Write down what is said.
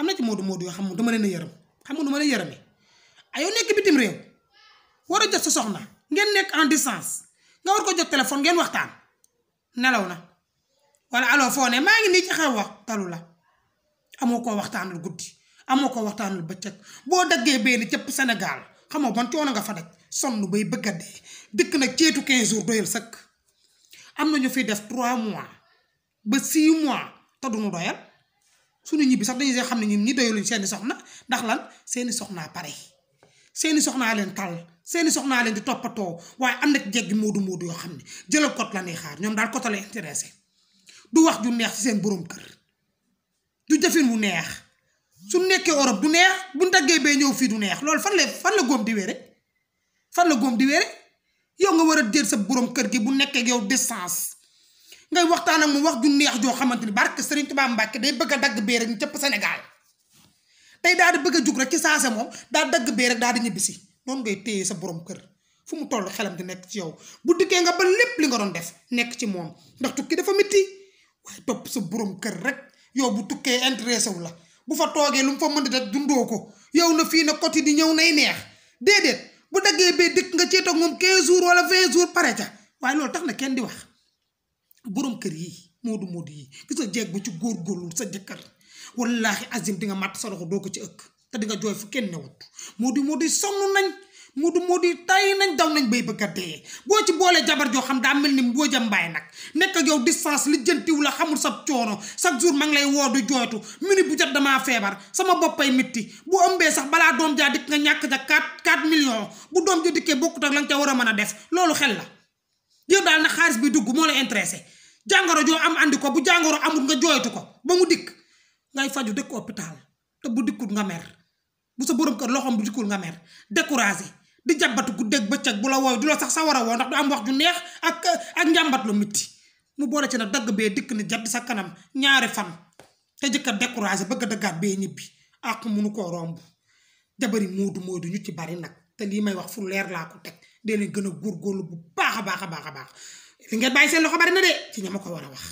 am na ci moodu moodu yoo xam ne dama leen a xam nga du ma leen yërëme ay ah, réew war a jot sa soxna ngeen nekk en distance nga ko jot téléphone ngeen waxtaan nelaw na wala allo foo maa ngi nii ci wax talu la amoo koo waxtaanal guddi amoo koo waxtaanal bëccëg boo daggee benn cëpp Sénégal xamoo ban coono nga fa daj sonn bay bëgg a dëkk nag ceetu 15 jours doyal sëkk am na ñu fi def 3 mois ba 6 mois te duñu doyal. suñu ñibbi sax dañuy xam ne ñun ñi doyuluñ seeni soxna ndax lan seeni soxna pare seeni soxnaa leen tal seeni soxnaa leen di toppatoo waaye am na ci jeggi moodu moodu yoo xam ne jëlal kot la ñuy xaar ñoom daal kotale intéressé du wax ju neex seen borom kër du jëfin wu neex su nekkee Europe du neex bu ndaggee bee ñëw fii du neex loolu fan la fan la góom di wére fan la góom di wére yow nga war a jël sa boroom kër gi bu nekkee yow distance ngay waxtaan ak mu wax ju neex joo xamante ni barke Serigne Touba Mbacke day bëgg a dagg bee rek ñu cëpp Sénégal tey daal di bëgg a jug rek ci saase moom daal dagg bee rek daal di ñibbisi noonu ngay téye sa borom kër fu mu toll xelam di ci yow bu dikkee nga ba lépp li nga doon def nekk ci moom ndax tukki dafa métti waaye topp sa borom kër rek yow bu tukkee intéressé wu la bu fa toogee lu mu fa mën di def dundoo ko yow na fii na côté di ñëw nay neex déedéet bu daggee bee dikk nga cee toog moom 15 jour wala 20 jours pare ca waaye loolu tax na kenn di wax. boroom kër yi moodu moodu yi gis nga jeeg bu ci góorgóorlu sa jëkkër wallaahi azim di nga màtt sa loxo doo ko ci ëkk te di nga jooy fu kenn newut moodu moodu yi sonn nañ moodu moodu yi nañ daw nañ bay bëgg a dee boo ci boolee jabar joo xam daa mel ni boo jëm mbaay nag nekk ak yow distance li jëntiw la xamul sa coono chaque jour mag lay woo du jooytu minute bu jot damaa feebar sama boppay mitti bu ëmbee sax balaa doom jaa dikk nga ñàkk ja 4 4 million bu doom ja dikkee bokkut ak la nga war a mën a def loolu xel la yow daal na xaalis bi dugg moo la intéressé jàngoro joo am andi ko bu jàngoro amut nga jooyatu ko ba mu dikk ngay faju dëkk hôpital te bu dikkul nga mer bu sa borom kër loxoom bu dikkul nga mer découragé di jàmbatu guddeeg bëccëg bu la woow du la sax sa woo ndax du am wax ak ak njàmbat lu mitti mu boole ci nag dagg bee dikk ni jàdd sa kanam ñaari fan te jëkka découragé bëgg a dëggaat bee ñibbi ak munu koo romb jabari moodu moodu ñu ci bari nag te lii may wax fu leer laa ko teg dee leen gën a góorgóorlu bu baax a baax a baax a baax li ngeen bàyyi seen loxo bari na de ci ñama ko war a wax